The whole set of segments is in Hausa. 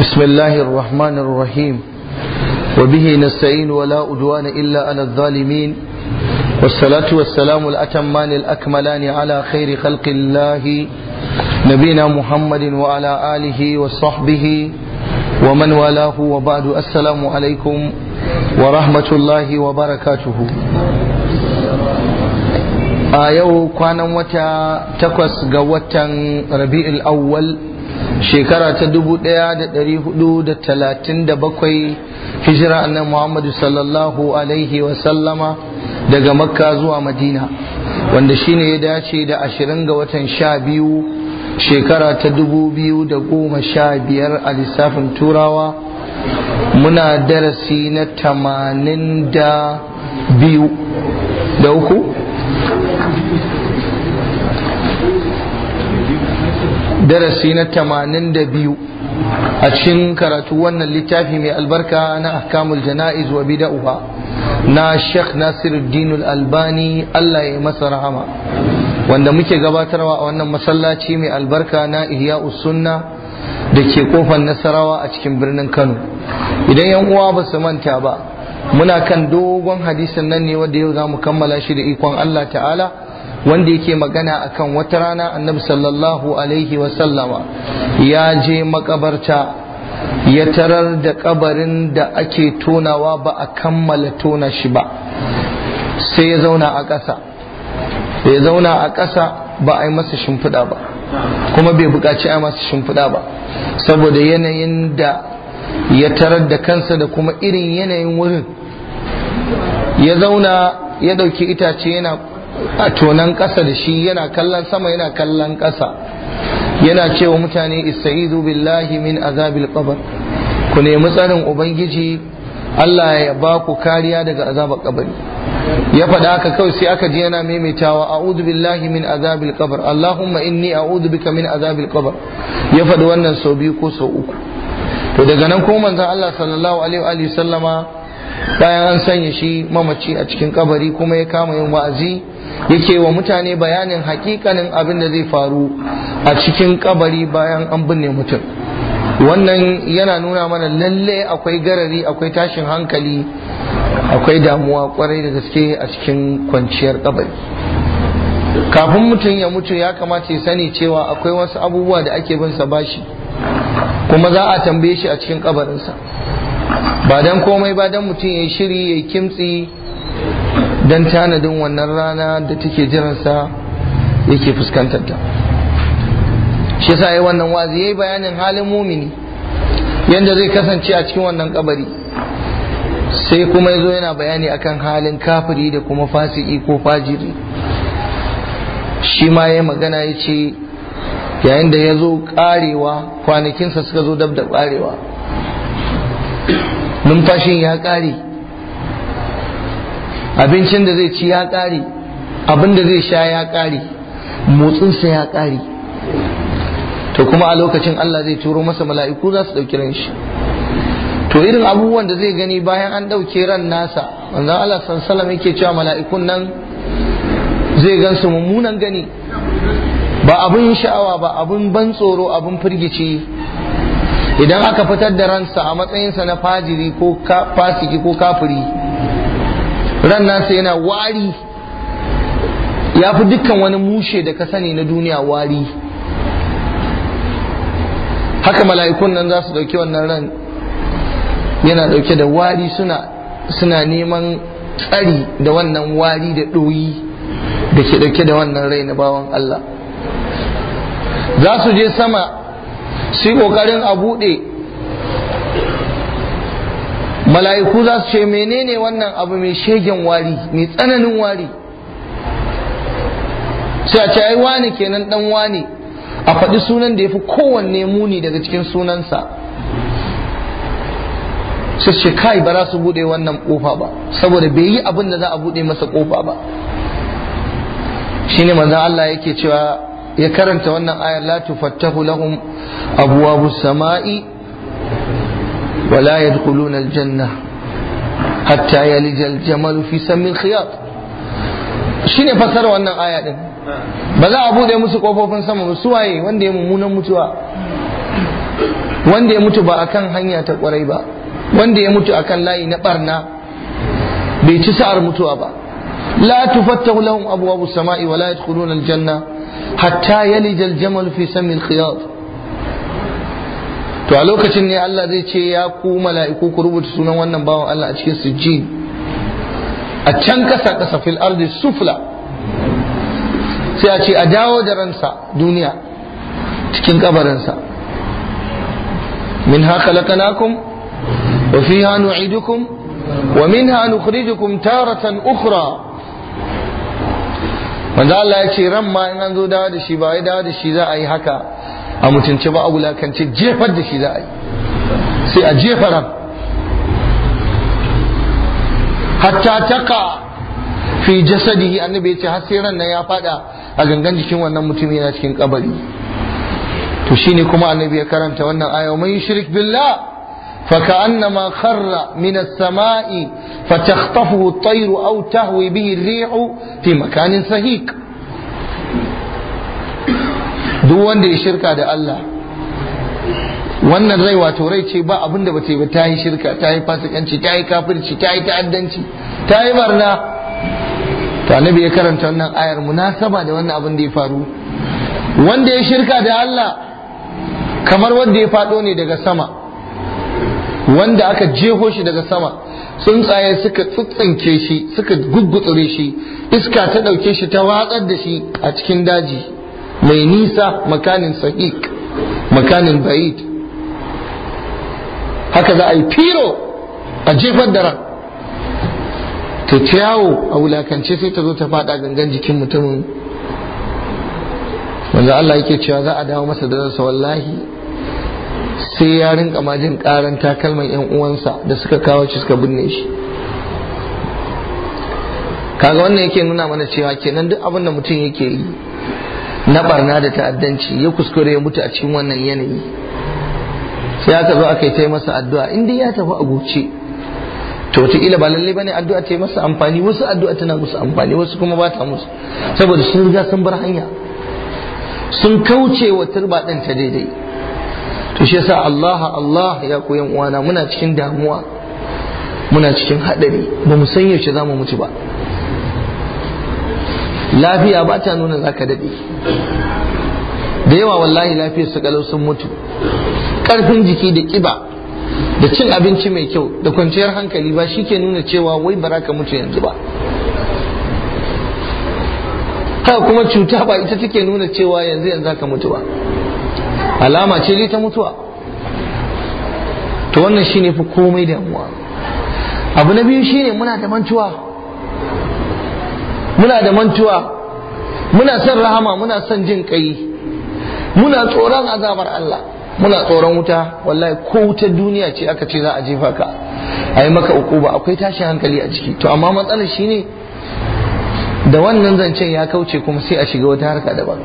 بسم الله الرحمن الرحيم وبه نستعين ولا أدوان إلا على الظالمين والصلاة والسلام الأتمان الأكملان على خير خلق الله نبينا محمد وعلى آله وصحبه ومن والاه وبعد السلام عليكم ورحمة الله وبركاته a yau kwanan wata takwas ga watan rabi'ul awwal shekara ta 1437 hijira annabi Muhammadu sallallahu alaihi wa sallama daga makka zuwa madina wanda shine ya dace da 20 ga watan 12 shekara ta 2015 a lissafin turawa muna darasi na 82 da uku darasi na tamanin da biyu a cikin karatu wannan littafi mai albarka na ahkamul jana'iz wa bida'uha na Sheikh Nasiruddin Albani Allah ya masa rahama wanda muke gabatarwa a wannan masallaci mai albarka na iya Sunna da ke kofar Nasarawa a cikin birnin Kano idan yan uwa ba su manta ba muna kan dogon hadisin nan ne wanda yau za mu kammala shi da ikon Allah ta'ala wanda yake magana akan wata rana annabi sallallahu alaihi wasallama ya je makabarta ya tarar da kabarin da ake tonawa ba a kammala tona shi ba sai ya zauna a ƙasa ya zauna a ƙasa ba a yi masa shimfiɗa ba kuma bai buƙaci a masa shimfiɗa ba saboda yanayin da ya tarar da kansa da kuma irin yanayin wurin ya zauna ya ɗauki itace yana a tonan ƙasa da shi yana kallon sama yana kallon ƙasa yana cewa mutane ista'izu billahi min azabil qabr ku nemi tsarin ubangiji Allah ya ba ku kariya daga azabar kabari ya faɗa aka kawai sai aka ji yana maimaitawa a'udhu billahi min azabil qabr allahumma inni a'udhu bika min azabil qabr ya faɗi wannan sau biyu ko sau uku to daga nan kuma manzon Allah sallallahu alaihi wa sallama bayan an sanya shi mamaci a cikin kabari kuma ya kama yin wa'azi yake wa mutane bayanin hakikanin abin da zai faru a cikin kabari bayan an binne mutum wannan yana nuna mana lalle akwai garari akwai tashin hankali akwai damuwa kwarai da gaske a cikin kwanciyar kabari kafin mutum ya mutu ya kamata ya sani cewa akwai wasu abubuwa da ake bin sa bashi kuma za a tambaye shi a cikin kabarinsa ba don komai ba don mutum ya shiri ya kimtsi don tanadin wannan rana da take jiransa yake fuskantar ta shi sa yi wannan wazi yi bayanin halin mumini Yadda zai kasance a cikin wannan kabari sai kuma ya zo yana bayani akan halin kafiri da kuma fasiki ko fajiri shi ma ya yi magana ya ce yayin da ya zo karewa kwanakinsa suka zo dab da karewa numfashin ya ƙare abincin da zai ci ya ƙare abin da zai sha ya ƙare motsinsa ya ƙare to kuma a lokacin Allah zai turo masa mala'iku za su ɗauki ran shi to irin abubuwan da zai gani bayan an ɗauke ran nasa wanzan Allah sansalam yake cewa mala'ikun nan zai gansu mummunan gani ba abin sha'awa ba abin ban tsoro abin firgici idan aka fitar da ransa a matsayinsa na fajiri ko fasiki ko kafiri ran nasa yana wari ya fi dukkan wani mushe da ka sani na duniya wari haka mala'ikun nan za su dauke wannan ran yana dauke da wari suna neman tsari da wannan wari da ɗoyi da ke dauke da wannan rai na bawan Allah za su je sama su yi a buɗe mala'iku za su ce menene wannan abu mai shegen wari mai tsananin wari sai a ce ai kenan dan wane a faɗi sunan da ya fi kowanne muni daga cikin sunansa su ce kai ba za su buɗe wannan ƙofa ba saboda bai yi abin da za a buɗe masa kofa ba shine manzon Allah yake cewa ya karanta wannan ayar la tufattahu lahum abwabus samai wa la yadkhuluna aljanna hatta yalija aljamal fi sammi alkhiyat shine fasara wannan aya din ba za a bude musu kofofin sama ba su waye wanda ya mummunan mutuwa wanda ya mutu ba akan hanya ta kwarai ba wanda ya mutu akan layi na barna bai ci sa'ar mutuwa ba la tufattahu lahum abwabus samai wa la yadkhuluna aljanna hatta yalija aljamal fi sammi alkhiyat to a lokacin ne Allah zai ce ya ku mala'iku ku rubuta sunan wannan bawan Allah a cikin sujjin a can kasa kasa fil ardi sufla sai a ce a dawo da ransa duniya cikin kabarinsa min haka lakanakun wa fiha nu'idukum wa minha nukhrijukum taratan ukhra manzo Allah ya ce ran ma in an zo dawo da shi ba wai dawo da shi za a yi haka a mutunce ba a wulakance jefar da shi za a yi sai a jefa ran hatta taka fi jasadihi annabi ya ce har sai ran nan ya fada a gangan jikin wannan mutum yana cikin kabari to shine kuma annabi ya karanta wannan aya man yushrik billah فكأنما خر من السماء فتخطفه الطير أو تهوي به الريح في مكان سهيك duk wanda ya shirka da Allah wannan rai wato rai ce ba abin bata yi ba ta yi shirka ta yi fasikanci ta yi kafirci ta yi ta'addanci ta yi barna to annabi ya karanta wannan ayar munasaba da wannan abin da ya faru wanda ya shirka da Allah kamar wanda ya faɗo ne daga sama wanda aka jeho shi daga sama tsuntsaye suka tsintsinke shi suka guggutsure shi iska ta ɗauke shi ta watsar da shi a cikin daji mai nisa makanin sahiq makanin bayid haka za a yi firo a jefar da ran ta ciyawo a wulakance sai ta zo ta faɗa gangan jikin mutumin wanda Allah yake cewa za a dawo masa da zarsa wallahi sai ya rinka ma jin karan takalman yan uwansa da suka kawo shi suka binne shi kaga wannan yake nuna mana cewa kenan duk abin da mutum yake yi na barna da ta'addanci ya kuskure ya mutu a cikin wannan yanayi sai aka zo aka yi ta masa addu'a inda ya tafi a goce to ila ba lallai bane addu'a ta yi masa amfani wasu addu'a tana musu amfani wasu kuma ba ta musu saboda sun riga sun bar hanya sun kauce wa turba ɗin ta daidai to shi yasa Allah Allah ya koyan uwana muna cikin damuwa muna cikin haɗari ba mu san yaushe za mu mutu ba lafiya ba ta nuna za ka daɗe da yawa wallahi lafiyar su kalau sun mutu karfin jiki da ƙiba da cin abinci mai kyau da kwanciyar hankali ba shi ke nuna cewa wai bara ka mutu yanzu ba haka kuma cuta ba ita take nuna cewa yanzu yanzu ka mutu ba alama ce dai ta mutuwa to wannan shine fi komai damuwa abu na biyu shine muna da mantuwa muna da mantuwa muna son rahama muna son jin kai muna tsoron azabar Allah muna tsoron wuta wallahi ko wutar duniya ce aka ce za a jefa ka a yi maka ukuba akwai tashin hankali a ciki to amma matsalar shine da wannan zancen ya kauce kuma sai a shiga wata harka daban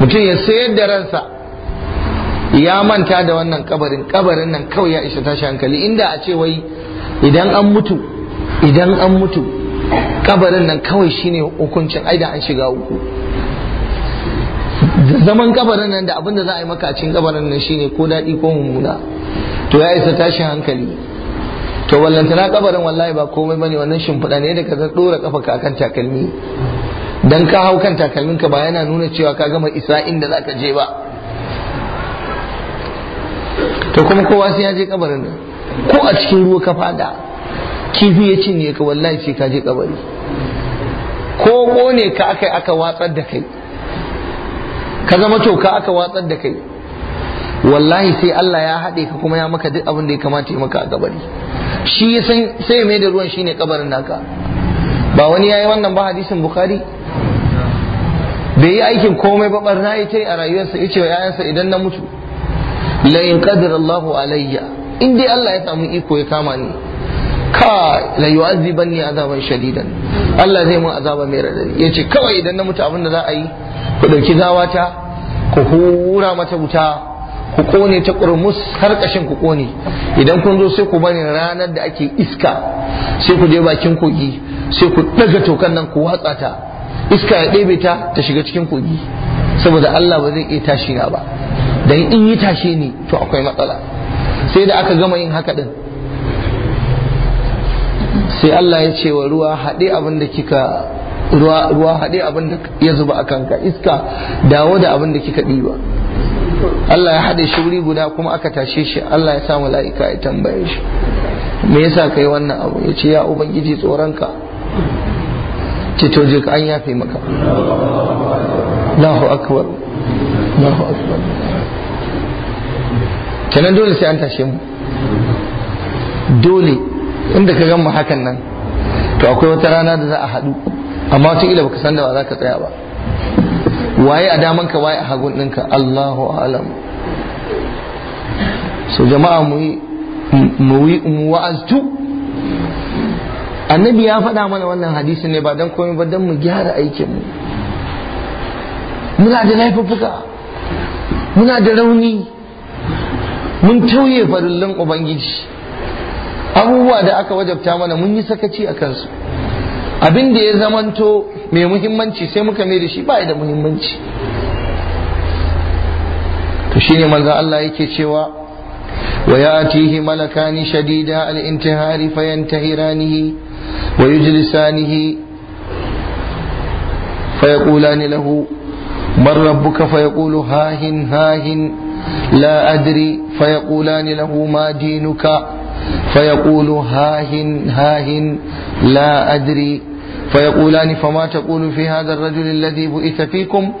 mutum ya sayar da ransa ya manta da wannan kabarin kabarin nan kawai ya isa tashi hankali inda a ce wai idan an mutu idan an mutu kabarin nan kawai shine hukuncin aida an shiga uku da zaman kabarin nan da abin da za a yi maka a cikin kabarin nan shine ko daɗi ko mummuna to ya isa tashi hankali to wallantana kabarin wallahi ba komai bane wannan shimfiɗa ne da ka ɗora kafa kakan takalmi dan ka hau kan takalminka ba yana nuna cewa ka gama isa inda za ka je ba to kuma kowa sai ya je kabarin nan ko a cikin ruwa ka fada kifi ya cinye ka wallahi sai ka je kabari ko kone ka aka aka watsar da kai ka zama toka aka watsar da kai wallahi sai Allah ya haɗe ka kuma ya maka duk abin da ya kamata ya maka a kabari shi sai mai da ruwan shine kabarin naka ba wani yi wannan ba hadisin bukhari bai yi aikin komai ba barna ya yi a rayuwarsa ya ce wa yayansa idan na mutu la in qadara alayya in dai Allah ya samu iko ya kama ni ka la ni azaban shadidan Allah zai mun azaba mai radadi yace kawai idan na mutu abin da za a yi ku ɗauki zawata ku hura mata wuta ku kone ta kurmus har kashin ku kone idan kun zo sai ku bani ranar da ake iska sai ku je bakin kogi sai ku daga tokan nan ku watsa ta iska ya ɗebe ta ta shiga cikin kogi saboda Allah ba zai iya tashi na ba dan in yi tashe ni to akwai matsala sai da aka gama yin haka din sai Allah ya ce wa ruwa haɗe abin da kika ruwa haɗe abin da ya zuba a kanka iska dawo da abin da kika ɗiba Allah ya haɗe shi wuri guda kuma aka tashe shi Allah ya sa mala'ika ya tambaye shi me yasa kai wannan abu ya ce ya ubangiji tsoronka cito to je an yafe maka Allahu akbar Allahu akbar kenan dole sai an tashe mu dole inda ka gan mu hakan nan to akwai wata rana da za a haɗu amma wata ila baka san da ba za ka tsaya ba waye a daman ka waye a hagun ɗinka Allahu alam so jama'a mu yi mu wa'aztu annabi ya faɗa mana wannan hadisi ne ba don komai ba don mu gyara aikinmu muna da laifuffuka muna da rauni mun tauye farillin ubangiji abubuwa da aka wajabta mana mun yi sakaci a kansu abin da ya zamanto mai muhimmanci sai muka mai da shi ba da muhimmanci to shine manzo Allah yake cewa wa yatihi malakani shadida al-intihari fayantahiranihi ويجلسانه فيقولان له من ربك فيقول هاهن هاهن لا أدري فيقولان له ما دينك فيقول هاهن هاهن لا أدري فيقولان فما تقول في هذا الرجل الذي بئث فيكم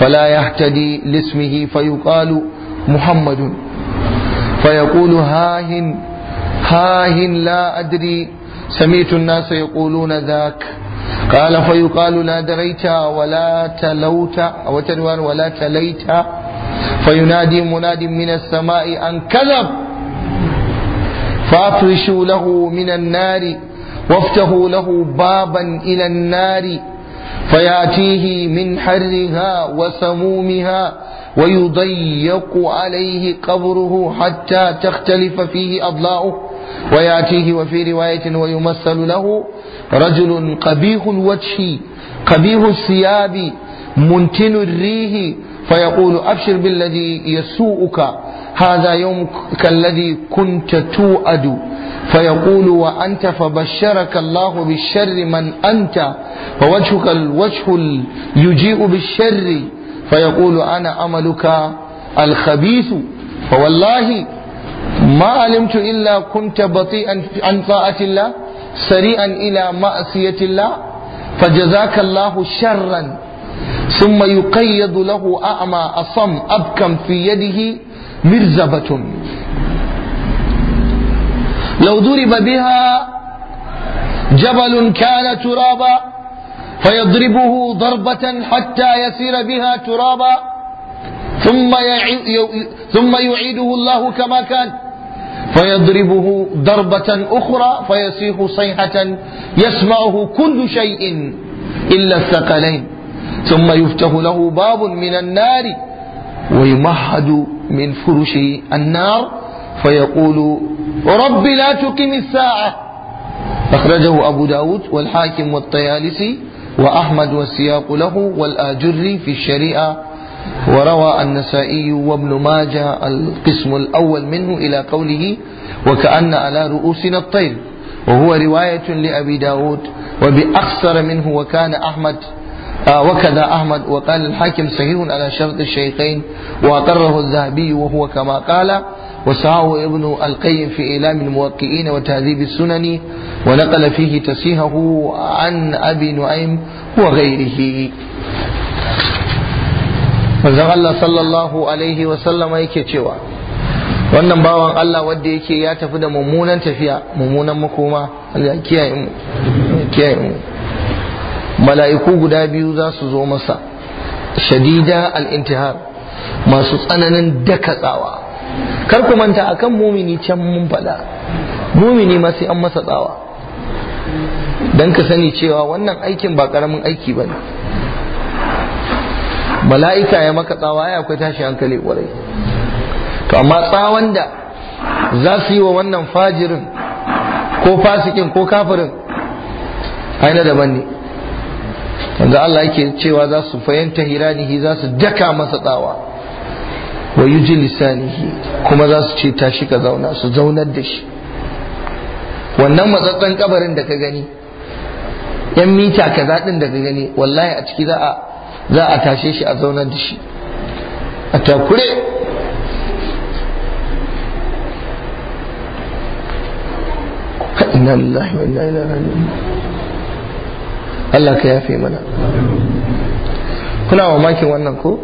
فلا يهتدي لاسمه فيقال محمد فيقول هاهن هاهن لا أدري سمعت الناس يقولون ذاك قال فيقال لا دريت ولا تلوت أو تلوان ولا تليت فينادي مناد من السماء أن كذب فأفرشوا له من النار وافتحوا له بابا إلى النار فيأتيه من حرها وسمومها ويضيق عليه قبره حتى تختلف فيه أضلاؤه ويأتيه وفي رواية ويمثل له رجل قبيح الوجه قبيح الثياب منتن الريح فيقول أبشر بالذي يسوءك هذا يومك الذي كنت توأد فيقول وأنت فبشرك الله بالشر من أنت ووجهك الوجه يجيء بالشر فيقول أنا أملك الخبيث فوالله ما علمت إلا كنت بطيئا عن طاعة الله سريعا إلى معصية الله فجزاك الله شرا ثم يقيد له أعمى أصم أبكم في يده مرزبة لو ضرب بها جبل كان ترابا فيضربه ضربة حتى يسير بها ترابا ثم ثم يعيده الله كما كان فيضربه ضربة أخرى فيصيح صيحة يسمعه كل شيء إلا الثقلين ثم يفتح له باب من النار ويمهد من فرش النار فيقول رب لا تقم الساعة أخرجه أبو داود والحاكم والطيالسي وأحمد والسياق له والآجري في الشريعة وروى النسائي وابن ماجه القسم الأول منه إلى قوله وكأن على رؤوسنا الطير وهو رواية لأبي داود وبأخسر منه وكان أحمد آه، وكذا أحمد وقال الحاكم صحيح على شرط الشيخين وأقره الذهبي وهو كما قال وسعه ابن القيم في إعلام الموقئين وتهذيب السنن ونقل فيه تسيهه عن أبي نعيم وغيره manzon Allah sallallahu alaihi wasallama yake cewa wannan bawan Allah wanda yake ya tafi da mummunan tafiya mummunan makoma Allah kiyaye mala'iku guda biyu za su zo masa shadida al-intihar masu tsananin dakatsawa kar ku manta akan mumini can mun faɗa mumini ma sai an masa tsawa dan ka sani cewa wannan aikin ba karamin aiki bane mala'ika ya maka tsawa ya akwai tashi hankali kwarai to amma tsawon da za su yi wa wannan fajirin ko fasikin ko kafirin aina daban ne wanda Allah yake cewa za su fahimta hiranihi za su daka masa tsawa wa yuji lisanihi kuma za su ce tashi ka zauna su zaunar da shi wannan matsatsen kabarin da ka gani yan mita kaza din da ka gani wallahi a ciki za a za a tashe shi a zaunar da shi a takure inna lillahi wa inna ilaihi raji'un Allah ka yafe mana kuna mamakin wannan ko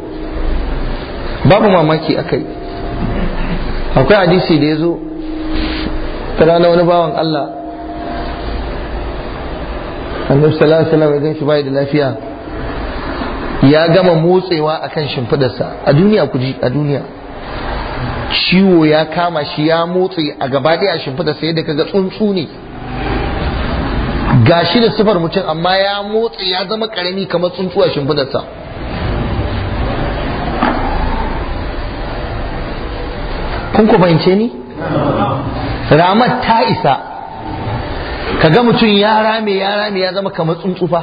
babu mamaki akai akwai hadisi da ya zo ta rana wani bawan Allah annabi sallallahu alaihi wasallam ya gan shi bai da lafiya ya gama motsewa akan shimfidarsa a duniya ku ji a duniya ciwo ya kama shi ya motse a gaba ɗaya a shimfidarsa yadda kaga tsuntsu ne gashi da sifar mutum amma ya motse ya zama karami kamar tsuntsu a shimfidarsa kun ku fahimce ni ramar ta isa Ka ga mutum ya rame ya rame ya zama kamar fa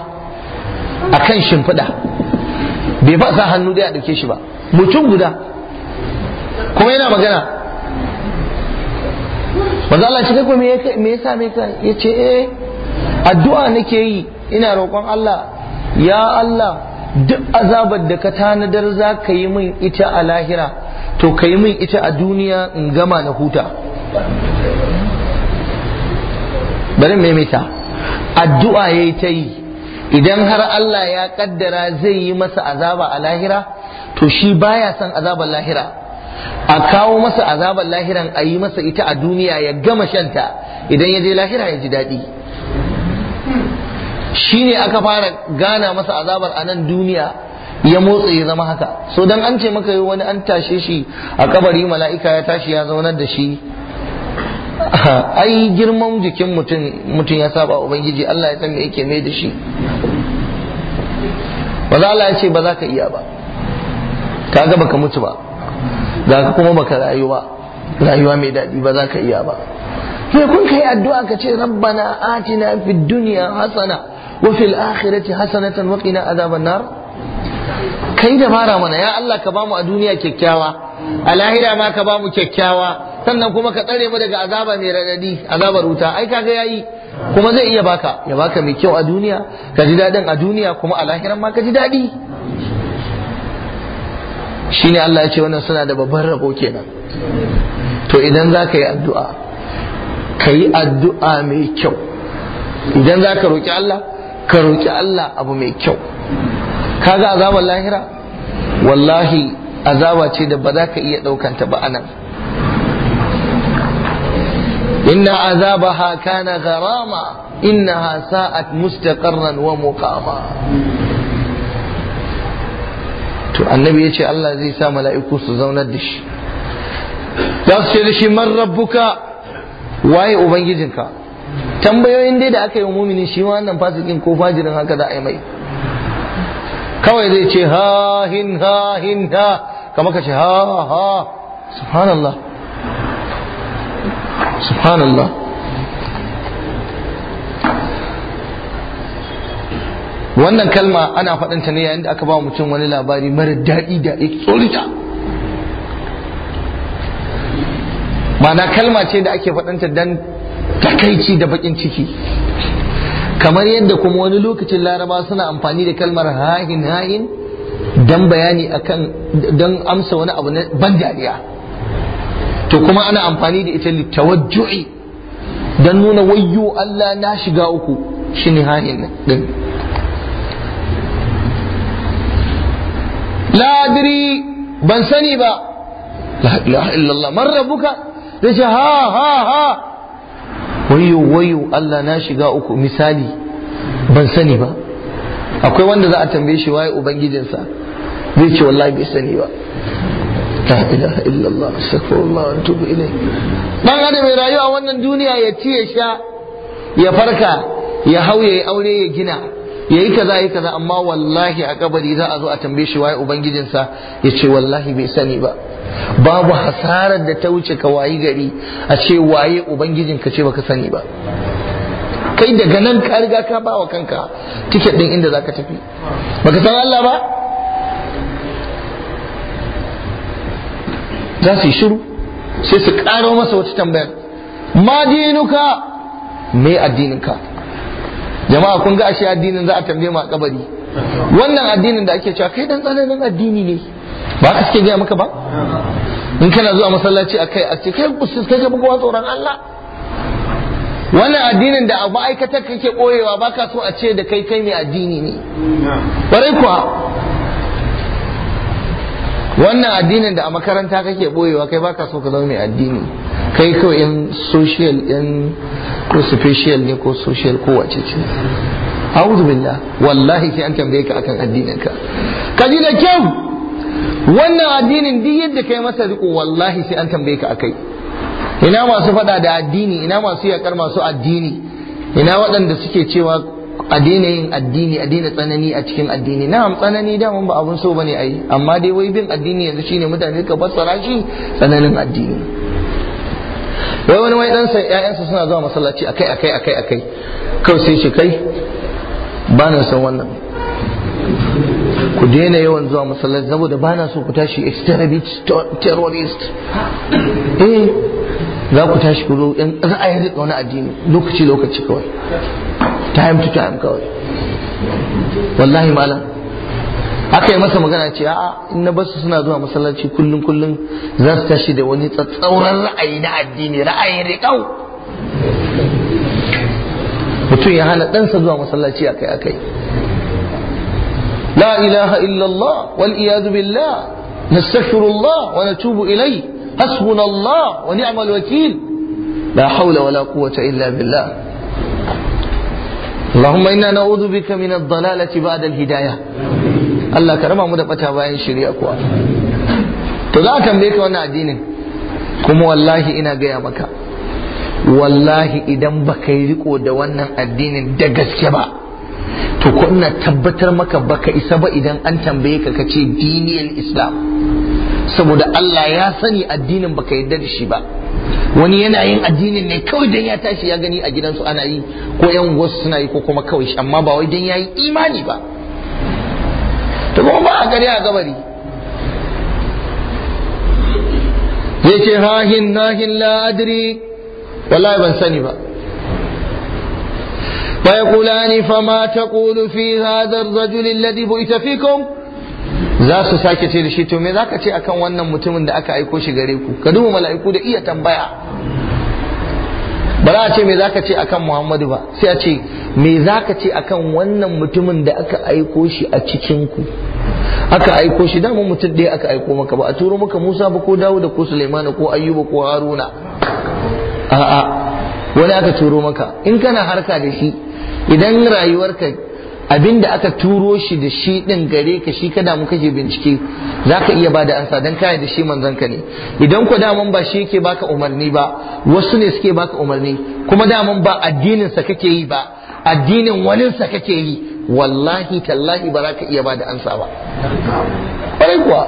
a kan shimfiɗa bai ba sa hannu dai a ɗauke shi ba mutum guda kuma yana magana manzo Allah shi kai me yasa me yasa yace eh addu'a nake yi ina roƙon Allah ya Allah duk azabar da ka tanadar za ka yi min ita a lahira to ka yi min ita a duniya in gama na huta bari ta addu'a yayi ta yi idan har Allah ya kaddara zai yi masa azaba a lahira to shi baya son azabar lahira a kawo masa azabar lahiran a yi masa ita a duniya ya gama shanta idan ya je lahira ya ji daɗi shi ne aka fara gana masa azabar a nan duniya ya motsa ya zama haka so dan an ce maka yi wani an tashe shi a kabari mala'ika ya tashi ya zaunar da shi ai girman jikin mutum mutum ya saba ubangiji Allah ya san me yake mai da shi ba za Allah ya ce ba za ka iya ba kaga baka mutu ba za ka kuma baka rayu ba rayuwa mai daɗi ba za ka iya ba sai kun kai addu'a ka ce rabbana atina fid dunya hasana wa fil akhirati hasanatan wa qina adhaban nar kai da mara mana ya Allah ka bamu a duniya kyakkyawa a lahira ma ka bamu kyakkyawa sannan kuma ka tsare mu daga azaba mai radadi azabar wuta ai kaga yayi kuma zai iya baka ya baka mai kyau a duniya ka ji dadin a duniya kuma a lahiran ma ka ji dadi shine Allah ya ce wannan suna da babban rabo kenan to idan za ka yi addu'a ka yi addu'a mai kyau idan za ka roƙi Allah ka roƙi Allah abu mai kyau kaga azabar lahira wallahi azaba ce da ba za ka iya ɗaukanta ba anan inna azabaha kana gharama innaha sa'at mustaqarran wa muqama to annabi yace Allah zai sa mala'iku su zaunar da shi za su ce da shi man rabbuka waye ubangijin ka? tambayoyin dai da aka yi wa mumini shi ma wannan fasikin ko fajirin haka za a yi mai kawai zai ce ha hin ha hin ha kama ka ce ha ha subhanallah subhanallah wannan kalma ana faɗinta ne yayin da aka ba mutum wani labari mara daɗi da ya tsorita ma'ana kalma ce da ake faɗinta don takaici da bakin ciki kamar yadda kuma wani lokacin laraba suna amfani da kalmar hahin hahin don bayani akan don amsa wani abu na ban dariya to kuma ana amfani da ita litawajjuhi don nuna wayyo Allah na shiga uku shine hanin din ladiri ban sani ba la ilaha illallah man rabbuka zai ce ha ha ha wayo wayo Allah na shiga uku misali ban sani ba akwai wanda za a tambaye shi waye ubangijinsa zai ce wallahi bai sani ba la ilaha illallah astaghfirullah wa atubu ilayh dan adam mai rayuwa wannan duniya ya ci ya sha ya farka ya hau ya aure ya gina yayi yi kaza yayi kaza amma wallahi a kabari za a zo a tambaye shi waye ubangijinsa ya ce wallahi bai sani ba babu hasarar da ta wuce ka wayi gari a ce waye ubangijin ka ce baka sani ba kai daga nan ka riga ka bawa kanka ticket din inda zaka tafi baka san Allah ba za su yi shiru sai su ƙaro masa wata tambayar ma dinuka me addininka jama'a kun ga ashe addinin za a tambaye mu a kabari wannan addinin da ake cewa kai dan tsananin addini ne ba ka suke gaya maka ba in kana zuwa masallaci a kai a ce kai kusus kai tsoron Allah wannan addinin da a ma'aikatar kake koyewa ba ka so a ce da kai kai mai addini ne ƙwarai kuwa wannan addinin da a makaranta kake boyewa kai baka so ka zama mai addini kai kawai in social in ko special ne ko social ko wace ce a'udhu billah wallahi sai an tambaye ka akan addinin ka da kyau wannan addinin duk yadda kai masa riko wallahi sai an tambaye ka akai ina masu fada da addini ina masu yakar masu addini ina waɗanda suke cewa a daina yin addini a daina tsanani a cikin addini am tsanani daman ba abun so bane ai amma dai wai bin addini yanzu shine mutane ka fassara shi tsananin addini wai wani wai dan sai ƴaƴansa suna zuwa masallaci akai akai akai akai kawai sai shi kai ba na san wannan ku daina yawan zuwa masallaci saboda ba na so ku tashi extremist terrorist eh za ku tashi ku zo ra'ayin riƙa wani addini lokaci lokaci kawai time to time kawai wallahi malam aka yi masa magana ce a'a in na basu suna zuwa masallaci kullum kullum za su tashi da wani tsatsauran ra'ayi na addini ra'ayin riƙau mutum ya hana ɗansa zuwa masallaci akai akai la ilaha illallah wal iyadu billah nastaghfirullah wa natubu ilai hasbunallah wa ni'mal wakil la hawla wala quwwata illa billah اللهم إنا نعوذ بك من ba بعد الهداية Allah ka raba mu da bata bayan shirya kuwa to za tambaye ka wannan addinin kuma wallahi ina gaya maka wallahi idan baka yi riko da wannan addinin da gaske ba to ko tabbatar maka baka isa ba idan an tambaye ka kace diniyar islam saboda Allah ya sani addinin baka yarda da shi ba wani yana yin addinin ne kawai dan ya tashi ya gani a gidansu ana yi ko yan wasu suna yi ko kuma kawai amma ba wai dan yayi imani ba to kuma ba a gari a gabari yace rahin nahin la adri wallahi ban sani ba فيقولان فما تقول في هذا الرجل الذي بئت فيكم za su sake ce da shi to me za ka ce akan wannan mutumin da aka aiko shi gare ku ka duba mala'iku da iya tambaya ba za a ce me za ka ce akan muhammadu ba sai a ce me za ka ce akan wannan mutumin da aka aiko shi a cikinku aka aiko shi dama mutum ɗaya aka aiko maka ba a turo maka musa ba ko Dawuda ko sulaimana ko ayyuba ko haruna a'a wani aka turo maka in kana harka da shi idan rayuwarka abin da aka turo shi da shi din gare ka shi kada mu kake bincike za ka iya bada ansa dan kai da shi manzon ka ne idan ku daman ba shi yake baka umarni ba wasu ne suke baka umarni kuma daman ba addinin sa kake yi ba addinin wani sa kake yi wallahi tallahi ba za ka iya bada ansa ba ƙwarai kuwa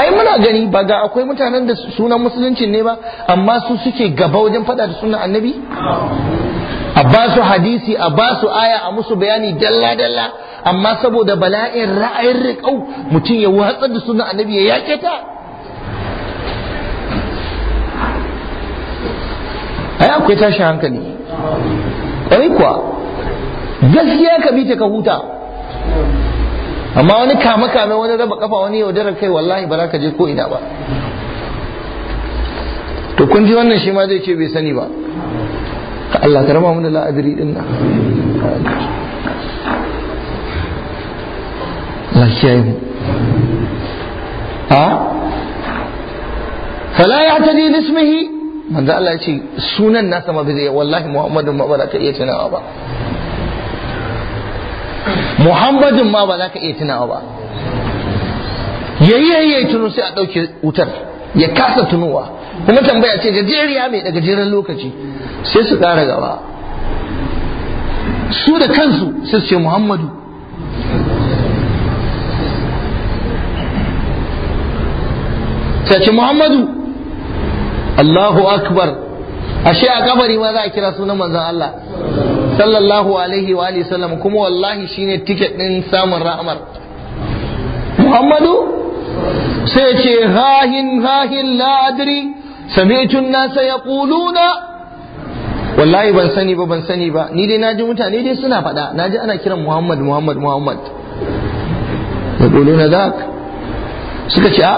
ai muna gani ba ga akwai mutanen da sunan musulunci ne ba amma su suke gaba wajen faɗa da sunan annabi a ba su hadisi a ba su aya a musu bayani dalla dalla amma saboda bala'in ra'ayin riƙau mutum ya watsar da sunan annabi ya yake ta ai akwai tashin hankali ƙwarai kuwa gaskiya ka bi ta ka huta amma wani kama kame wani raba kafa wani yaudarar kai wallahi ba za ka je ko ina ba to kun ji wannan shi ma zai ce bai sani ba ka Allah ka raba mu da la'adari din nan lafiya mu a fala ya ta ji nismihi manzo Allah ya ce sunan nasa ma bai wallahi Muhammadu ma ba za ka iya tunawa ba Muhammadun ma ba za ka iya tunawa ba yayi yayi tuno sai a dauke wutar ya kasa tunuwa, kuma tambaya ce gajeriya mai daga gajeren lokaci sai su ƙara gaba su da kansu sai su ce muhammadu sai ce muhammadu allahu akbar ashe a kabari ma za a kira sunan manzon Allah sallallahu alaihi wa alihi sallam kuma wallahi shine tiket din samun ra'amar muhammadu sai ce hahin hahin la sami tun an-nasa yaquluna wallahi ban sani ba ban sani ba ni dai naji mutane dai suna faɗa naji ana kiran Muhammad Muhammad Muhammad yaquluna zak suka ce a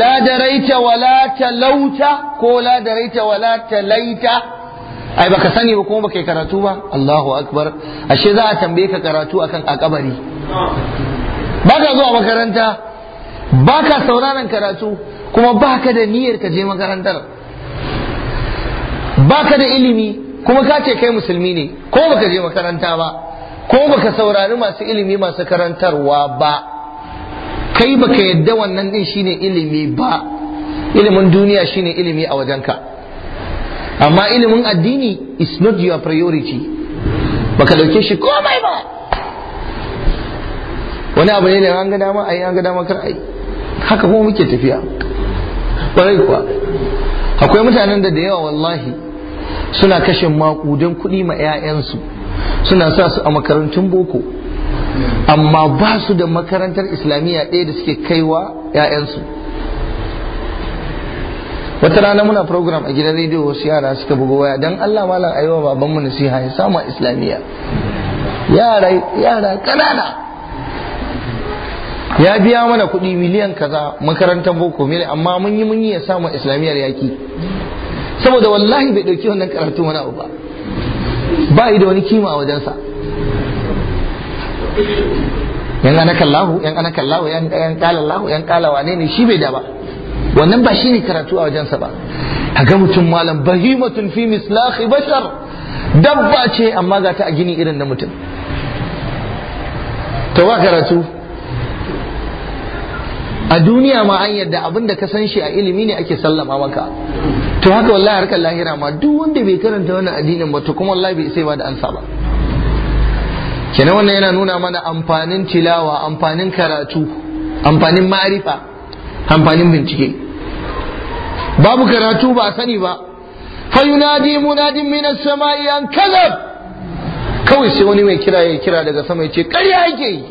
la daraita wala talauta ko la daraita wala talaita ai baka sani ba kuma baka karatu ba Allahu akbar ashe za a tambaye ka karatu akan akabari baka zuwa makaranta baka sauraron karatu kuma baka da niyyar ka je makarantar baka da ilimi kuma ka ce kai musulmi ne ko baka je makaranta ba ko baka saurari masu ilimi masu karantarwa ba kai baka yadda wannan din shine ilimi ba ilimin duniya shine ilimi a wajenka amma ilimin addini is not your priority baka dauke shi komai ba wani abu ne da an ga dama ayi an ga dama kar ayi haka kuma muke tafiya kwarai kuwa akwai mutanen da da yawa wallahi suna kashe makudan kuɗi ma 'ya'yansu suna sa su a makarantun boko amma ba su da makarantar islamiyya ɗaya da suke kaiwa 'ya'yansu wata rana muna program a gidan rediyo wasu yara suka buga waya don allah malam aiwa babanmu nasiha ya samu islamiyya yara yara ƙanana ya biya mana kuɗi miliyan kaza makarantar boko miliyan amma mun yi mun yi ya samu islamiyyar yaki saboda wallahi bai dauki wannan karatu wani abu ba ba yi da wani kima a wajensa yan ana kallahu yan ana kallahu yan yan kala Allahu yan kala wane ne shi bai da ba wannan ba shine karatu a wajensa ba kaga mutum malam bahimatun fi mislahi bashar dabba ce amma ga ta a gini irin na mutum to ba karatu a duniya ma an yadda abinda da ka san shi a ilimi ne ake sallama maka to haka wallahi harkar lahira ma duk wanda bai karanta wannan addinin ba to kuma wallahi bai sai ba da ansa ba kenan wannan yana nuna mana amfanin tilawa amfanin karatu amfanin ma'arifa amfanin bincike babu karatu ba sani ba yunadi munadin min as-sama'i an kadhab kawai sai wani mai kira ya kira daga sama ya ce ƙarya yake yi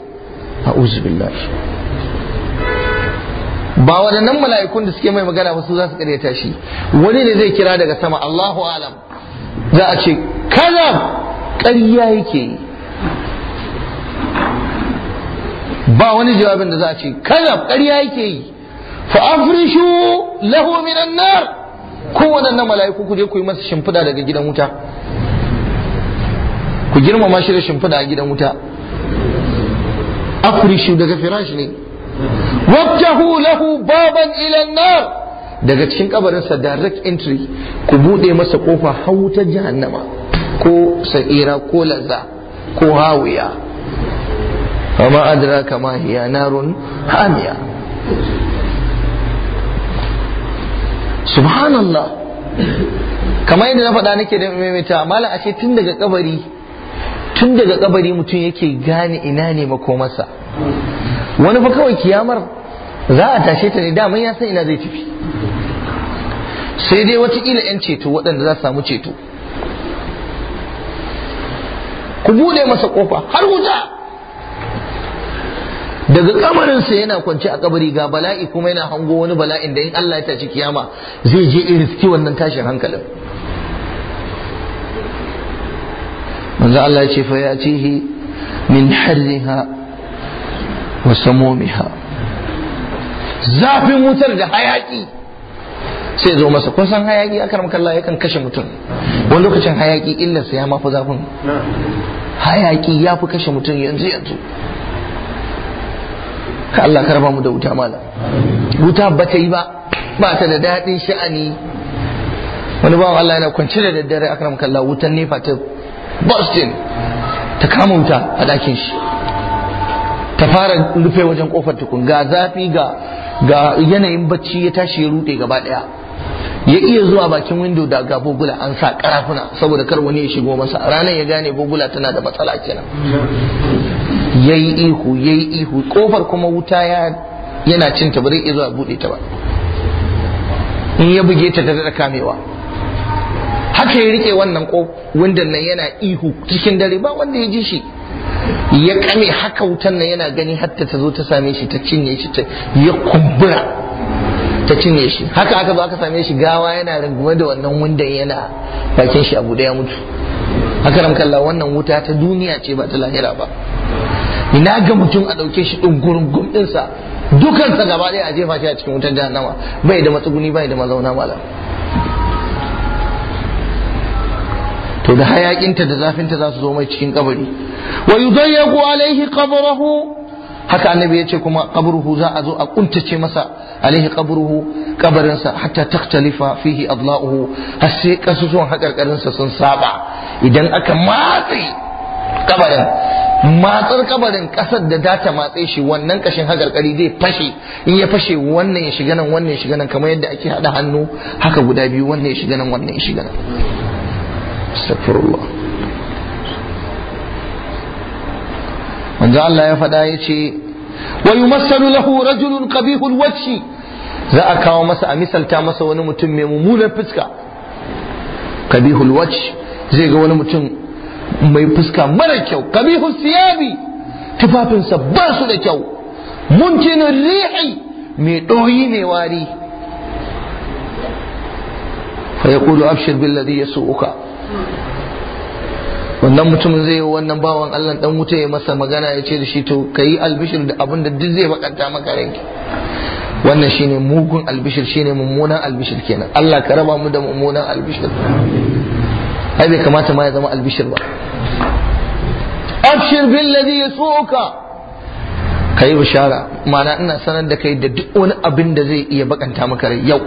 a'udzu billahi ba waɗannan mala'ikun da suke mai magana ba su za su karyata shi wani ne zai kira daga sama Allahu alam za a ce kaza ƙarya yake yi ba wani jawabin da za a ce kaza ƙarya yake yi fa afrishu lahu minan annar ko waɗannan mala'iku ku je ku yi masa shimfiɗa daga gidan wuta ku girmama shi da shimfiɗa a gidan wuta afrishu daga firashi ne wabtahu lahu baban ila nar daga cikin kabarinsa direct entry ku bude masa kofa har wutar jahannama ko sa'ira ko Laza ko hawiya amma adra kama hiya narun hamiya subhanallah kamar yadda na faɗa nake da maimaita mala ashe tun daga kabari tun daga kabari mutum yake gane ina ne makomarsa wani fa kawai kiyamar za a tashe ta ne daman ya san ina zai tafi sai dai watakila 'yan ceto waɗanda za su samu ceto ku buɗe masa kofa har wuta daga kamarinsa yana kwance a kabari ga bala'i kuma yana hango wani bala'in da in Allah ya tashi kiyama zai je iriski wannan tashin hankalin manzo Allah ya ce fa ya tihi min harriha wa zafin wutar da hayaki sai zo masa kun san hayaki akar makalla yakan kashe mutum wani lokacin hayaki sa ya mafi zafin hayaki ya fi kashe mutum yanzu yanzu ka Allah karba mu da wuta mala wuta ba ta yi ba ba ta da daɗin sha'ani wani bawan Allah yana kwance da daddare a akram kalla wutan nefa ta Boston ta kama wuta a ɗakin shi ta fara rufe wajen kofar tukun ga zafi ga ga yanayin bacci ya tashi ya rute gaba daya ya iya zuwa bakin window da ga bugula an sa karafuna saboda kar wani ya shigo masa ranar ya gane bugula tana da matsala kenan yayi ihu yayi ihu kofar kuma wuta ya yana cin ta bare zuwa bude ta ba in ya buge ta da kamewa haka ya rike wannan ko windon nan yana ihu cikin dare ba wanda ya ji shi ya kame haka wutan nan yana gani hatta ta zo ta same shi ta cinye shi ta ya kumbura ta cinye shi haka aka zo aka same shi gawa yana rungume da wannan wundan yana bakin shi abu da ya mutu haka ramkalla wannan wuta ta duniya ce ba ta lahira ba ina ga mutum a ɗauke shi ɗin gurin gumɗinsa dukansa gaba ɗaya a jefa shi a cikin wutar jahannama bai da matsuguni bai da mazauna malam to da hayakinta da zafinta za su zo mai cikin kabari wa yudayyagu alaihi qabruhu haka annabi ya ce kuma qabruhu za a zo a kuntace masa alaihi qabruhu kabarinsa hatta taktalifa fihi adla'uhu har sai hakarkarin sa sun saba idan aka matsi kabarin matsar kabarin kasar da data matse shi wannan kashin hakarkari zai fashe in ya fashe wannan ya shiga nan wannan ya shiga nan kamar yadda ake hada hannu haka guda biyu wannan ya shiga nan wannan ya shiga nan astaghfirullah manzo Allah ya faɗa ya ce wa yumassalu lahu rajulun qabihul wajhi za a kawo masa a misalta masa wani mutum mai mummunar fuska qabihul wajh zai ga wani mutum mai fuska mara kyau qabihul siyabi tufafinsa ba su da kyau muntinul ri'i mai ɗoyi ne wari fa yaqulu abshir billadhi yasu'uka wannan mutumin zai yi wannan bawan Allah dan wuta ya masa magana ya ce da shi to kayi albishir da abin da duk zai bakanta maka ranki wannan shine mugun albishir shine mummunan albishir kenan Allah ka raba mu da mummunan albishir ai bai kamata ma ya zama albishir ba abshir bil ladhi yasuka kai bishara ma'ana ina sanar da kai da duk wani abin da zai iya bakanta maka rai yau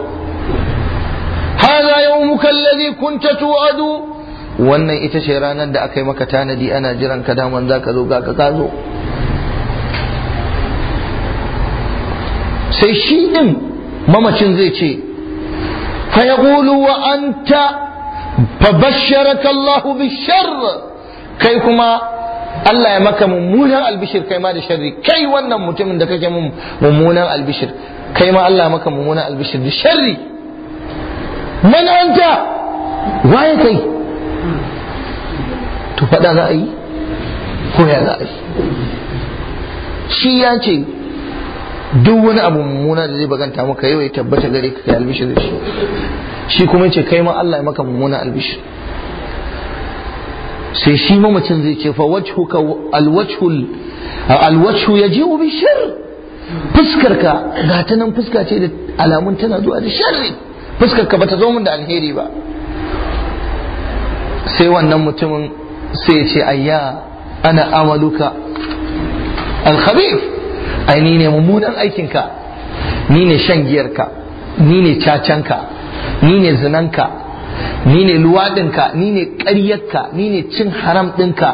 hadha yawmuka alladhi kunta tu'adu wannan ita ce ranar da aka yi maka tanadi ana jiran ka daman za ka zo ga ka ka sai shi ɗin mamacin zai ce fa ya wa anta fa basharaka bishar kai kuma Allah ya maka mummunan albishir kai ma da sharri kai wannan mutumin da kake mummunan albishir kai ma Allah ya maka mummunan albishir da sharri man anta waye kai to faɗa za a yi ko ya za a yi shi ya ce duk wani abu mummuna da zai baganta maka yau ya tabbata gare ka kai albishir da shi shi kuma ce kai ma Allah ya maka mummuna albishir sai shi mamacin zai ce fa wajhuka alwajhul alwajhu yaji'u bi fuskar ka ga ta nan fuska ce da alamun tana zuwa da sharri ba bata zo mun da alheri ba sai wannan mutumin sai ya ce ayya ana amaluka alkhabir ai ni ne mummunan aikinka ni ne shan giyarka ni ne cacanka ni ne zinanka ni ne luwaɗinka ni ne ƙaryarka ni ne cin haram ɗinka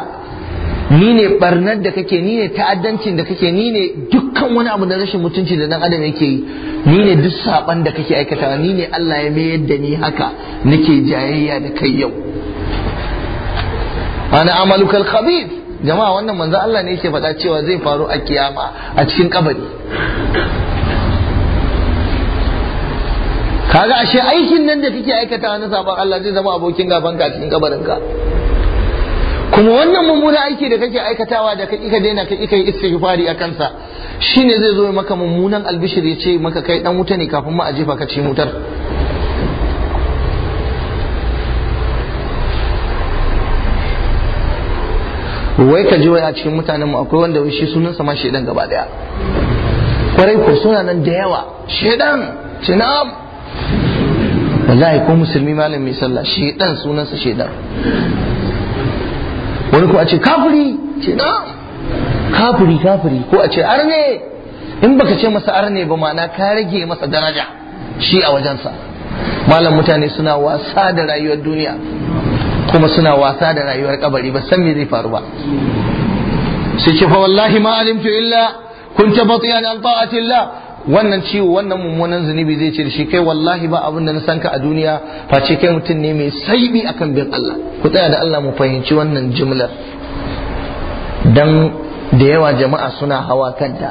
ni ne barnar da kake ni ne ta'addancin da kake ni ne dukkan wani abu da rashin mutunci da dan adam yake yi ni ne duk saban da kake aikata ni ne Allah ya mayar da ni haka nake jayayya da kai yau Ana amalukal khabith jama'a wannan manzo Allah ne yake faɗa cewa zai faru a kiyama a cikin kabari kaga ashe aikin nan da kake aikata na sabon Allah zai zama abokin gaban ka cikin ka kuma wannan mummunan aiki da kake aikatawa da kai ka daina yi kai istighfari a kansa shine zai zo maka mummunan albishir ya ce maka kai dan wuta ne kafin ma a jefa ka cikin wutar wai ka ji wai a cikin mutanen mu akwai wanda shi sunan sa ma shedan gaba daya kwarai ko suna nan da yawa shedan cinam wallahi ko musulmi malam mai sallah shedan sunan sa shedan wani ko a ce kafiri cinam kafiri kafiri ko a ce arne in baka ce masa arne ba ma'ana ka rage masa daraja shi a wajensa malam mutane suna wasa da rayuwar duniya kuma suna wasa da rayuwar kabari ba san me zai faru ba sai ce fa wallahi ma alimtu illa kunta batiyan an ta'atillah wannan ciwo wannan mummunan zunubi zai ce da shi kai wallahi ba abin da na san ka a duniya ce kai mutum ne mai saibi akan bin Allah ku tsaya da Allah mu fahimci wannan jumlar dan da yawa jama'a suna hawa kanta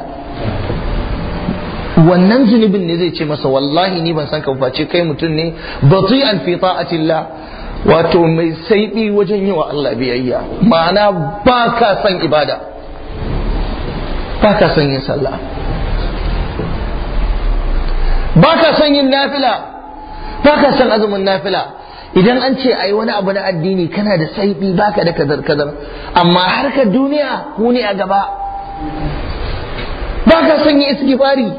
wannan zunubin ne zai ce masa wallahi ni ban san ka ba ce kai mutum ne bati'an fi ta'atillah wato mai saiɓi wajen yi wa Allah biyayya ma'ana ba ka son ibada ba ka son yin sallah ba ka son yin nafila ba ka san azumin nafila idan an ce ai wani abu na addini kana da saiɓi ba ka da kazar kazar amma harkar duniya ku ne a gaba ba ka son yin istighfari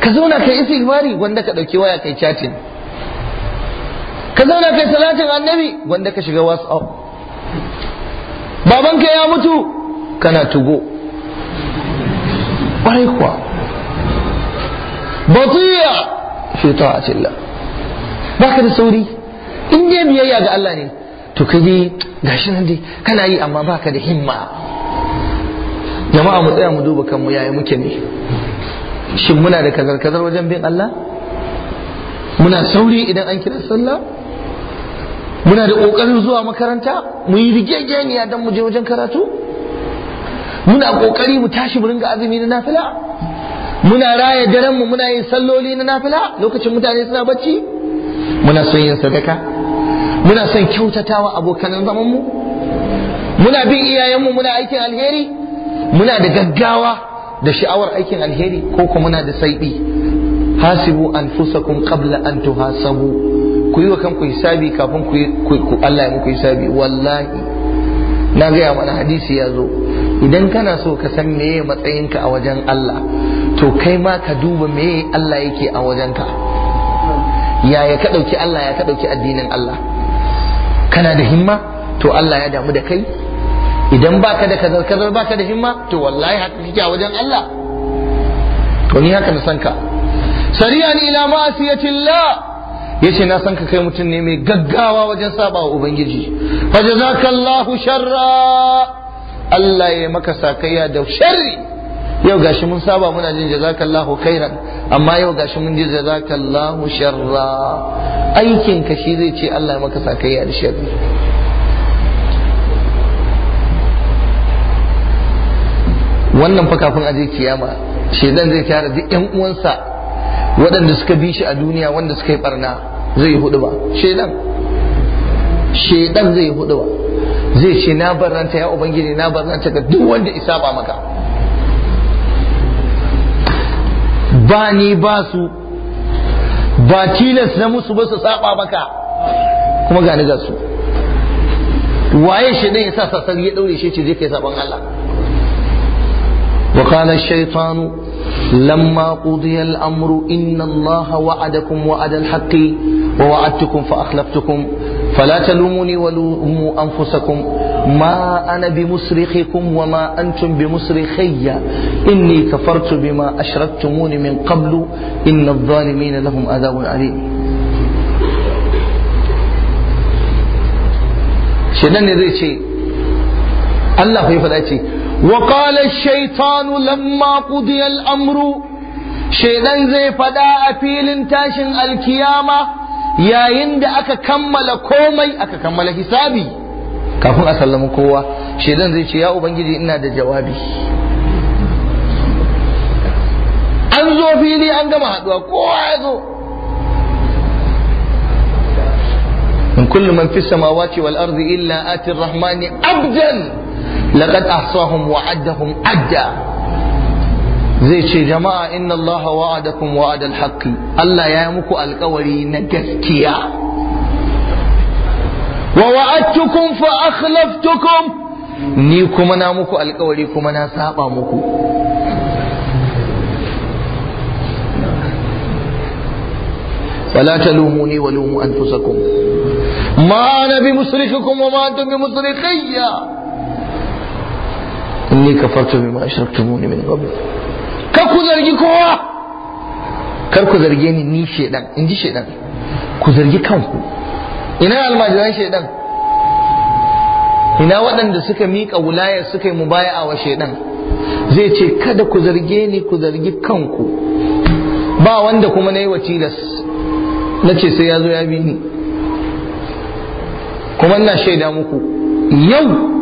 ka zauna na kai istighfari wanda ka ɗauki waya kai chatting ka zauna kai salatin annabi wanda ka shiga whatsapp babanka ya mutu kana tugo ƙwarai kuwa batiya fi ta'atillah baka da sauri in dai biyayya ga Allah ne to ka dai gashi nan dai kana yi amma baka da himma jama'a mu tsaya mu duba kanmu yayi muke ne shin muna da kazar kazar wajen bin Allah muna sauri idan an kira sallah muna da ƙoƙarin zuwa makaranta mu yi rigegeniya dan mu je wajen karatu muna ƙoƙari mu tashi mu ringa azumi na nafila muna raya daren mu muna yin salloli na nafila lokacin mutane suna bacci muna son yin sadaka muna son kyautatawa abokan zaman mu muna bin iyayenmu muna aikin alheri muna da gaggawa da sha'awar aikin alheri ko kuma muna da saibi hasibu anfusakum qabla an tuhasabu ku yi wa kanku hisabi kafin ku ku Allah ya muku hisabi wallahi na gaya mana hadisi ya zo idan kana so ka san meye matsayinka a wajen Allah to kai ma ka duba meye Allah yake a wajen ya yaya ka ɗauki Allah ya ka ɗauki addinin Allah kana da himma to Allah ya damu da kai idan baka da kazar kazar baka da himma to wallahi haka kike a wajen Allah to ni haka na san ka sari'an ila ma'asiyatillah yace na san ka kai mutum ne mai gaggawa wajen saba wa ubangiji fa jazakallahu sharra Allah ya maka sakayya da sharri yau gashi mun saba muna jin jazakallahu khairan amma yau gashi mun ji jazakallahu sharra aikin ka shi zai ce Allah ya maka sakayya da sharri wannan fa kafin aje kiyama shedan zai tara duk yan uwansa waɗanda suka bi shi a duniya wanda suka yi barna zai yi hudu ba shedan shedan zai yi hudu ba zai ce na barnanta ya ubangiji na barnanta ga duk wanda isa ba maka ba ni ba su ba tilas na musu ba su saba maka kuma gani ga su waye shi ne yasa sasar ya daure shi ce zai kai saban Allah wa kana shaytanu لما قضي الأمر إن الله وعدكم وعد الحق ووعدتكم فأخلفتكم فلا تلوموني ولوموا أنفسكم ما أنا بمصرخكم وما أنتم بمصرخي إني كفرت بما أشركتموني من قبل إن الظالمين لهم عذاب أليم shedan ne zai ce Allah fa ya faɗa ce وقال الشيطان لما قضي الامر شيطان زي فدا افيل انتاشن الكيامه يا يند اكا كمل كومي اكا كمل حسابي كفون اسلم كوى شيطان زي يا ابنجي ان هذا جوابي انزو في لي ان كما حدوا قوة من كل من في السماوات والارض الا اتي الرحمن أبداً laqad ahsahum wa addahum adda zai ce jama'a inna Allah wa'adakum wa'adal haqqi Allah ya yi muku alkawari na gaskiya wa wa'adtukum fa akhlaftukum ni kuma na muku alkawari kuma na saba muku فلا تلوموني ولوموا انفسكم ما انا بمصرخكم وما انتم بمصرخيّ inni kafartu bima ashraktumuni min qabl kar ku zargi kowa kar ku zarge ni ni shedan in ji shedan ku zargi kanku ina almajiran shedan ina waɗanda suka miƙa wulayar suka yi mubaya'a wa shedan zai ce kada ku zarge ni ku zargi kanku ba wanda kuma na yi wa tilas na ce sai ya zo ya bi ni kuma ina shaida muku yau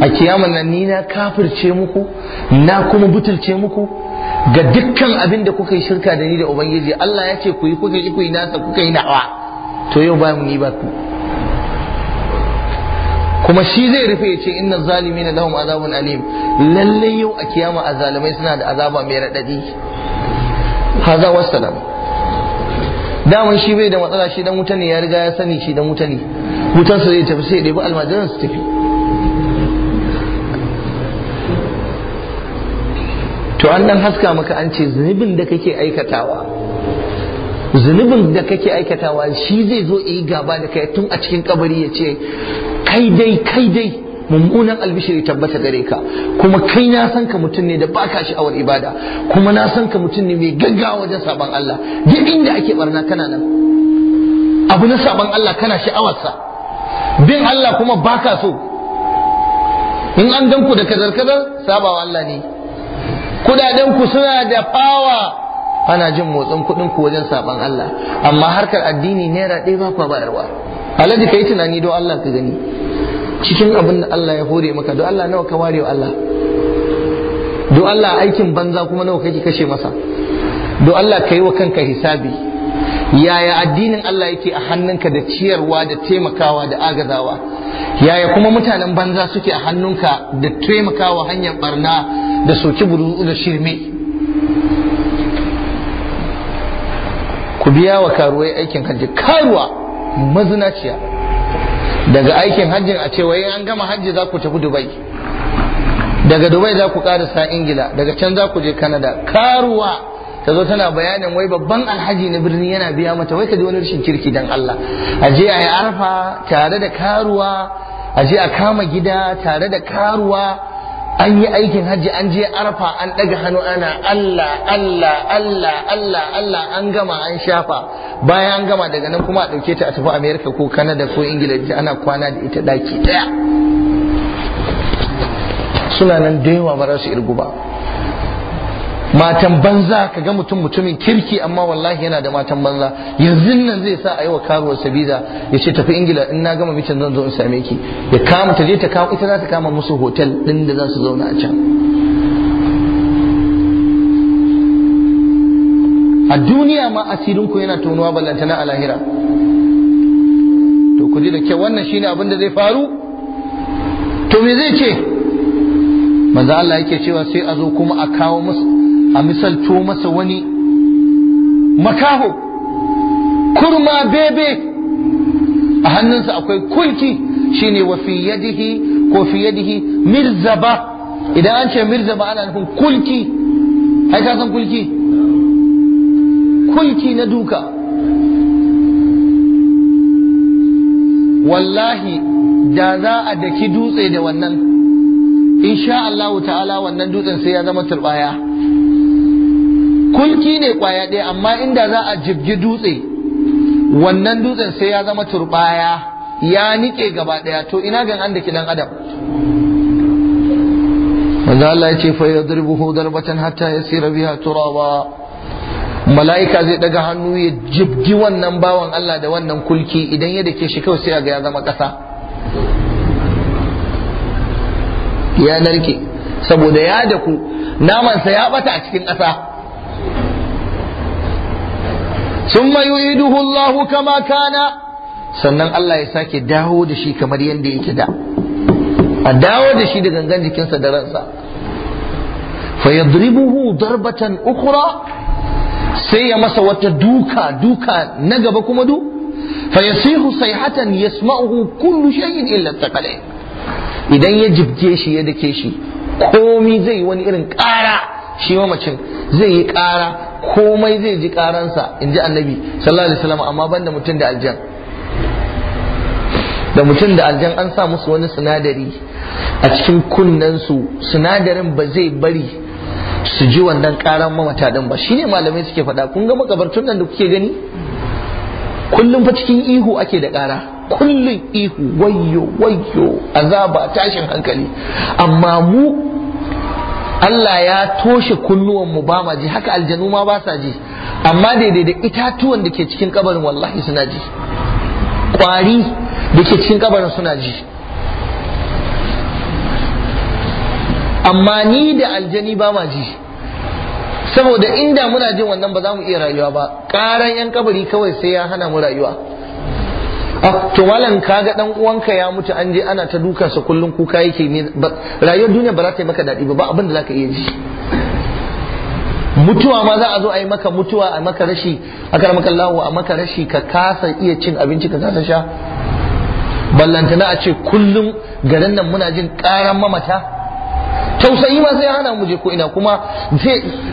a kiyaman nan ni na kafirce muku na kuma butulce muku ga dukkan abin da kuka yi shirka da ni da ubangiji Allah ya ce ku yi kuka yi ku nasa kuka yi nawa to yau ba mu ni ba ku kuma shi zai rufe ya ce inna zalimi na lahum azabun alim lalle yau a kiyama azalimai suna da azaba mai raɗaɗi haza wassalam daman shi bai da matsala shi dan wuta ne ya riga ya sani shi dan wuta ne wutarsa zai tafi sai dai ɗebi almajiran su tafi to an dan haska maka an ce zunubin da kake aikatawa zunubin da kake aikatawa shi zai zo yi gaba da kai tun a cikin kabari ya ce kai dai kai dai mummunan albishiri tabbata gare ka kuma kai na san ka mutum ne da baka sha'awar ibada kuma na san ka mutum ne mai gaggawa wajen sabon Allah duk inda ake barna kana nan abu na saban Allah kana sha'awarsa bin Allah kuma baka so in an danku da kadar-kadar sabawa Allah ne kudaden ku suna da fawa ana jin motsin kudin ku wajen saban Allah amma harkar addini naira ɗaya ba ku bayarwa alhaji kai tunani don Allah ka gani cikin abin da Allah ya hore maka don Allah nawa ka ware Allah don Allah aikin banza kuma nawa kake kashe masa don Allah ka yi wa kanka hisabi yaya addinin Allah yake a hannunka da ciyarwa da taimakawa da agazawa yaya kuma mutanen banza suke a hannunka da taimakawa hanyar barna da soki buru da shirme ku biya wa karuwai aikin hajji karuwa mazinaciya daga aikin hajjin a cewa in an gama hajji za ku tafi dubai daga dubai za ku sa ingila daga can za ku je Kanada. karuwa ta zo tana bayanin wai babban alhaji na birni yana biya mata wai ka ji wani rashin kirki dan Allah a je a yi arfa tare da karuwa a je a kama gida tare da karuwa an yi aikin hajji an je arfa an ɗaga hannu ana Allah Allah Allah Allah Allah an gama an shafa bayan an gama daga nan kuma a ɗauke ta a tafi Amerika ko kanada ko Ingila ana kwana da ita daki ɗaya suna nan da yawa ba za su irgu ba matan banza ka ga mutum mutumin kirki amma wallahi yana da matan banza yanzu nan zai sa a yi wa karuwar sabida ya ce tafi ingila in na gama micin zan zo in same ki ya kama ta je ta kama ita za ta kama musu hotel din da za su zauna a can a duniya ma asirinku yana tonuwa ballanta na alahira to ku ji da kyau wannan shine abin da zai faru to me zai ce manzo Allah yake cewa sai a zo kuma a kawo musu a misalto masa wani makaho kurma bebe a hannunsa akwai kulki shine wa fi yadihi ko fi yadihi mirzaba idan an ce mirzaba ana nufin kulki ai ka san kulki kulki na duka wallahi da za a daki dutse da wannan insha Allah ta'ala wannan dutsen sai ya zama turbaya kulki ne kwaya ɗaya amma inda za a jibgi dutse wannan dutsen sai ya zama turbaya ya nike gaba ɗaya to ina gan an da kidan adam wanda Allah ya ce fa yadribuhu darbatan hatta yasira biha turaba mala'ika zai daga hannu ya jibgi wannan bawan Allah da wannan kulki idan ya dake shi kawai sai ga ya zama ƙasa ya narke saboda ya daku namansa ya bata a cikin ƙasa summa yu'iduhu Allah kama kana sannan Allah ya sake dawo da shi kamar yadda yake da a dawo da shi da gangan jikinsa da ransa fa yadribuhu darbatan ukhra sai ya masa wata duka duka na gaba kuma du fa yasihu sayhatan yasma'uhu kullu shay'in illa taqalay idan ya jibje shi ya dake shi komi zai wani irin ƙara shi mamacin zai yi ƙara komai zai ji karansa in ji annabi sallallahu alaihi wasallam amma banda mutum da aljan da mutum da aljan an sa musu wani sinadari a cikin su sinadarin ba zai bari su ji wannan karan mamata din ba shine malamai suke faɗa kun ga makabartun nan da kuke gani kullum fa cikin ihu ake da ƙara kullum ihu wayyo wayyo azaba tashin hankali amma mu Allah ya toshe kunnuwan mu ba ma ji haka aljanu ma ba sa ji amma daidai da itatuwan da ke cikin kabarin wallahi suna ji kwari da ke cikin kabarin suna ji amma ni da aljani ba ma ji saboda inda muna jin wannan ba za mu iya rayuwa ba ƙaran 'yan kabari kawai sai ya hana mu rayuwa Ah, to malam kaga dan uwanka ya mutu an je ana ta dukansa kullun kuka yake ne rayuwar duniya ba za ta yi maka daɗi ba ba abin da za ka iya ji mutuwa ma za a zo a yi maka mutuwa a maka rashi a karamakan lahu a maka rashi ka kasa iya cin abinci ka kasa sha ballantana a ce kullum garin nan muna jin karan mamata tausayi ma sai hana mu je ko ina kuma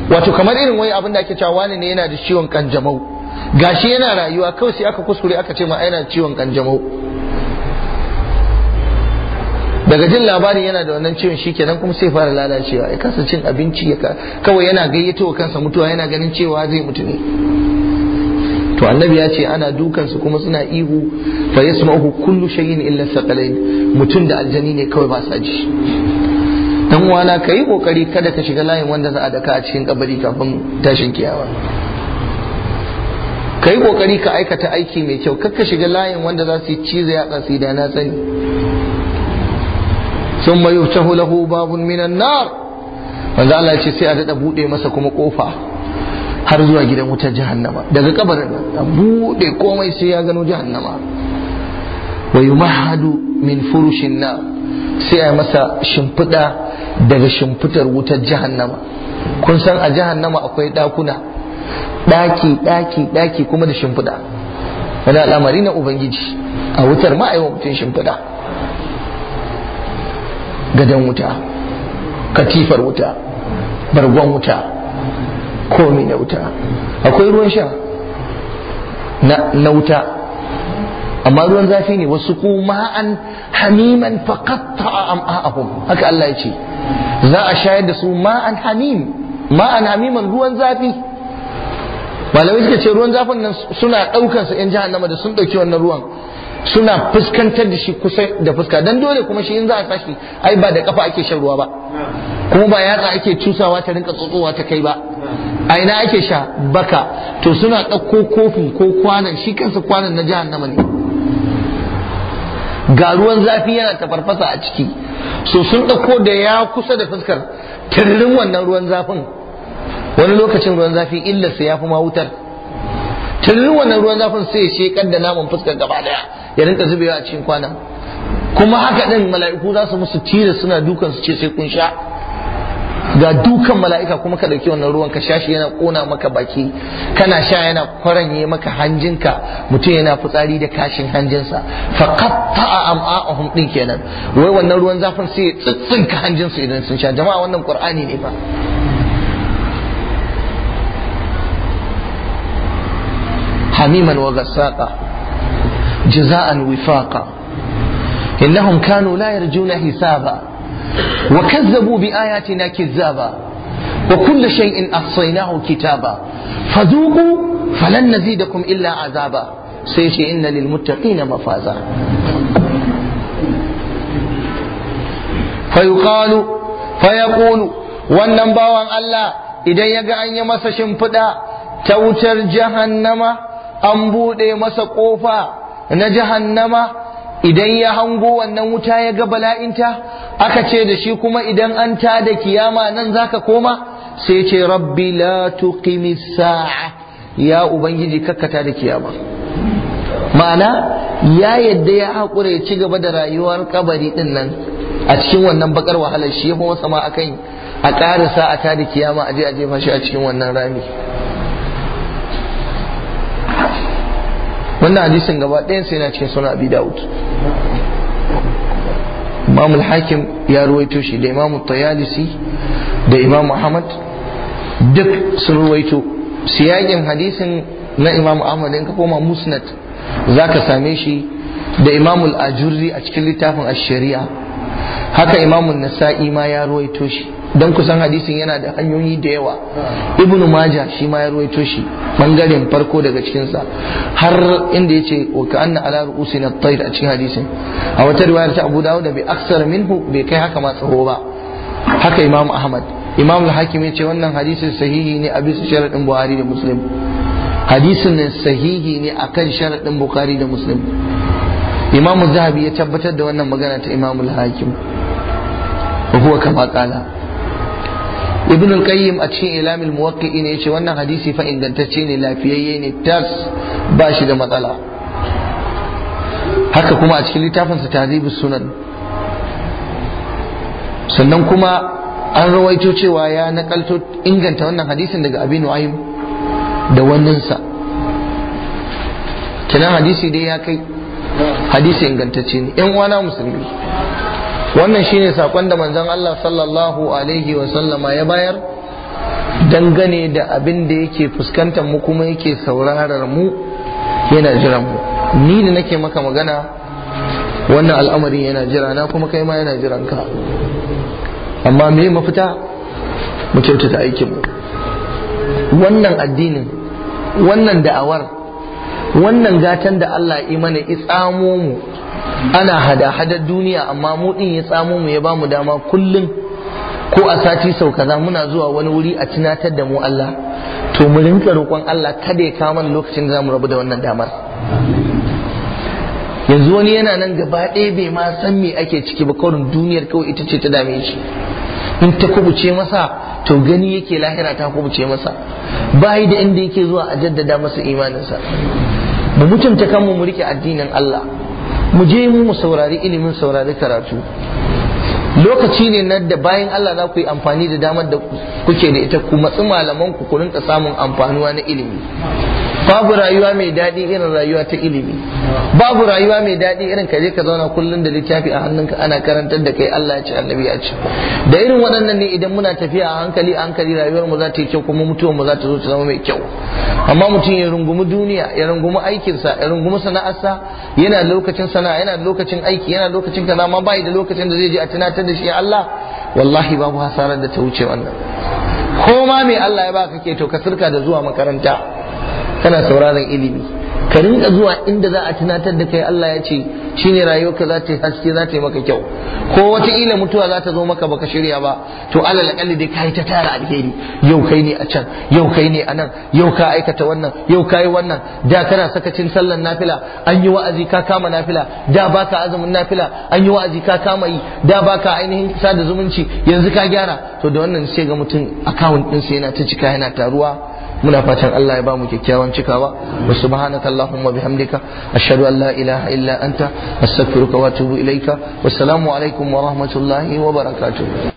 wato kamar irin wani abin da ake cewa wani ne yana da ciwon kanjamau gashi yana rayuwa kawai sai aka kuskure aka ce ma yana ciwon kanjamau daga jin labarin yana da wannan ciwon shi kenan kuma sai fara lalacewa ya kasa cin abinci ya kawai yana gayyato wa kansa mutuwa yana ganin cewa zai mutu ne to annabi ya ce ana dukansu kuma suna ihu fa yasma'u kullu shay'in illa saqalain mutum da aljani ne kawai ba sa ji dan uwana kai kokari kada ka shiga layin wanda za a daka a cikin kabari kafin tashin kiyawa ka yi kokari ka aikata aiki mai kyau kakka shiga layin wanda za su yi ciza ya tsasi da na sani sun mai yuftahu lahu babun minan nar wanda Allah ya ce sai a dada bude masa kuma kofa har zuwa gidan wutar jahannama daga kabarin a bude komai sai ya gano jahannama wa yumahadu min furushin na sai a masa shimfiɗa daga shimfitar wutar jahannama kun san a jahannama akwai ɗakuna daki daki daki kuma da shimfiɗa wani al'amari na ubangiji a wutar ma a mutum shimfiɗa gadon wuta katifar wuta bargon wuta komi na wuta akwai ruwan sha na wuta amma ruwan zafi ne wasu kuma an hamiman a am'a'ahum haka Allah ya ce za a shayar da su ma'an hamim ma'an hamiman ruwan zafi malamai suka ce ruwan zafin nan suna ɗaukar su yan jahannama da sun ɗauki wannan ruwan suna fuskantar da shi kusa da fuska dan dole kuma shi in za a tashi ai ba da kafa ake shan ruwa ba kuma ba yatsa ake cusawa ta rinka tsotsowa ta kai ba a ina ake sha baka to suna ɗauko kofin ko kwanan shi kansa kwanan na jahannama ne ga ruwan zafi yana tafarfasa a ciki so sun ɗauko da ya kusa da fuskar tarrin wannan ruwan zafin wani lokacin ruwan zafi illarsa ya fi ma wutar tunin wannan ruwan zafin sai ya shekar da naman fuskar gaba daya ya rinka zubewa a cikin kwanan kuma haka ɗin mala'iku za su musu tira suna dukan su ce sai kun sha ga dukan mala'ika kuma ka dauki wannan ruwan ka shashi yana kona maka baki kana sha yana kwaranye maka hanjinka mutum yana fitsari da kashin hanjinsa fa a am'a'uhum din kenan wai wannan ruwan zafin sai ya tsitsinka hanjinsu idan sun sha jama'a wannan qur'ani ne fa حميما وغساقا جزاء وفاقا إنهم كانوا لا يرجون حسابا وكذبوا بآياتنا كذابا وكل شيء أحصيناه كتابا فذوقوا فلن نزيدكم إلا عذابا سيشي إن للمتقين مفازا فيقال فيقول wannan bawan Allah idan ya ga an yi masa shimfiɗa ta wutar jahannama an buɗe masa ƙofa na jahannama idan ya hango wannan wuta ya ga bala'inta aka ce da shi kuma idan an ta da kiyama nan zaka koma sai ce rabbi la tuqimis sa'a ya ubangiji kakkata da kiyama ma'ana ya yadda ya haƙura ya ci gaba da rayuwar kabari din nan a cikin wannan bakar wahalar shi ya fi wasa ma akan a ƙarisa a ta da kiyama aje je a shi a cikin wannan rami wannan hadisin gaba ɗayan sai yana cikin sunan abi dawud imam hakim ya ruwaito shi da imam tayalisi da imam muhammad duk sun ruwaito siyakin hadisin na imam ahmad in ka koma musnad ka same shi da imamul al-ajurri a cikin littafin ash-shari'a haka imam an-nasa'i ma ya ruwaito shi dan kusan hadisin yana da hanyoyi da yawa ibn maja shi ma ya ruwaito shi bangaren farko daga cikinsa. har inda yace wa ka anna ala ru'usin at-tayr a cikin hadisin a wata riwayar ta Abu Dawud bi aksar minhu bai kai haka ma tsaho ba haka Imam Ahmad Imam al-Hakim yace wannan hadisin sahihi ne a bisa sharadin Buhari da Muslim hadisin ne sahihi ne akan sharadin Bukhari da Muslim Imam Zahabi ya tabbatar da wannan magana ta Imam al-Hakim وهو kama kala ibn al-qayyim a cikin ilamil muwaqqi'i ne yace wannan hadisi fa ingantacce ne lafiyayye ne tas ba shi da matsala haka kuma a cikin littafin sa tahdhibus sunan sannan kuma an rawaito cewa ya nakalto inganta wannan hadisin daga abin wa'im da sa kenan hadisi dai ya kai hadisi ingantacce ne yan uwana musulmi wannan shi ne saƙon da manzon Allah sallallahu alaihi Wasallama ya bayar dangane da abin da yake fuskantar mu kuma yake saurarar mu yana jiran mu ni da nake maka magana wannan al'amarin yana jira na kuma kai ma yana jiran ka amma me mafita mu kyautata aikin mu wannan addinin wannan da'awar wannan gatan da Allah imani itsamo mu ana hada-hadar duniya amma mu din ya tsamo mu ya bamu dama kullum ko a sati sau kaza muna zuwa wani wuri a tunatar da mu Allah to mu rinka roƙon Allah kada ya kawo mana lokacin da zamu rabu da wannan damar yanzu wani yana nan gaba ɗaya bai ma san me ake ciki ba kawai duniyar kawai ita ce ta dame shi in ta kubuce masa to gani yake lahira ta kubuce masa bayi da inda yake zuwa a jaddada masa imaninsa mu mutunta kanmu mu rike addinin Allah mu je mu mu saurari ilimin saurari karatu lokaci ne na da bayan Allah za ku yi amfani da damar da kuke da ita ku matsi malamanku ku rinka samun amfanuwa na ilimi babu rayuwa mai daɗi irin rayuwa ta ilimi babu rayuwa mai daɗi irin kaje je ka zauna kullum da littafi a hannunka ana karantar da kai Allah ya ce annabi ya ce da irin waɗannan ne idan muna tafiya a hankali a hankali rayuwar mu za ta yi kyau kuma mutuwar mu za ta zo ta zama mai kyau amma mutum ya rungumi duniya ya rungumi aikinsa ya rungumi sana'arsa yana da lokacin sana'a yana lokacin aiki yana lokacin kaza amma bai da lokacin da zai je a tunatar da shi ya Allah wallahi babu hasarar da ta wuce wannan ko ma mai Allah ya baka kake to ka sirka da zuwa makaranta kana sauraron ilimi ka rinka zuwa inda za a tunatar da kai Allah ya ce shi shine rayuwarka za ta yi haske za ta yi maka kyau ko wata ila mutuwa za ta zo maka baka shirya ba to alal akalli dai kai ta tara alheri yau kai ne a can yau kai ne a nan yau ka aikata wannan yau ka yi wannan da kana sakacin sallan nafila an yi wa'azi ka kama nafila da baka azumin nafila an yi wa'azi ka kama yi da baka ainihin sada zumunci yanzu ka gyara to da wannan sai ga mutum akawun ɗinsa yana ta cika yana taruwa muna fatan Allah ya ba mu kyakkyawan cikawa wa subhanaka allahumma bihamdika ashhadu an la ilaha illa anta astaghfiruka wa atubu ilaika wassalamu alaikum wa rahmatullahi wa barakatuh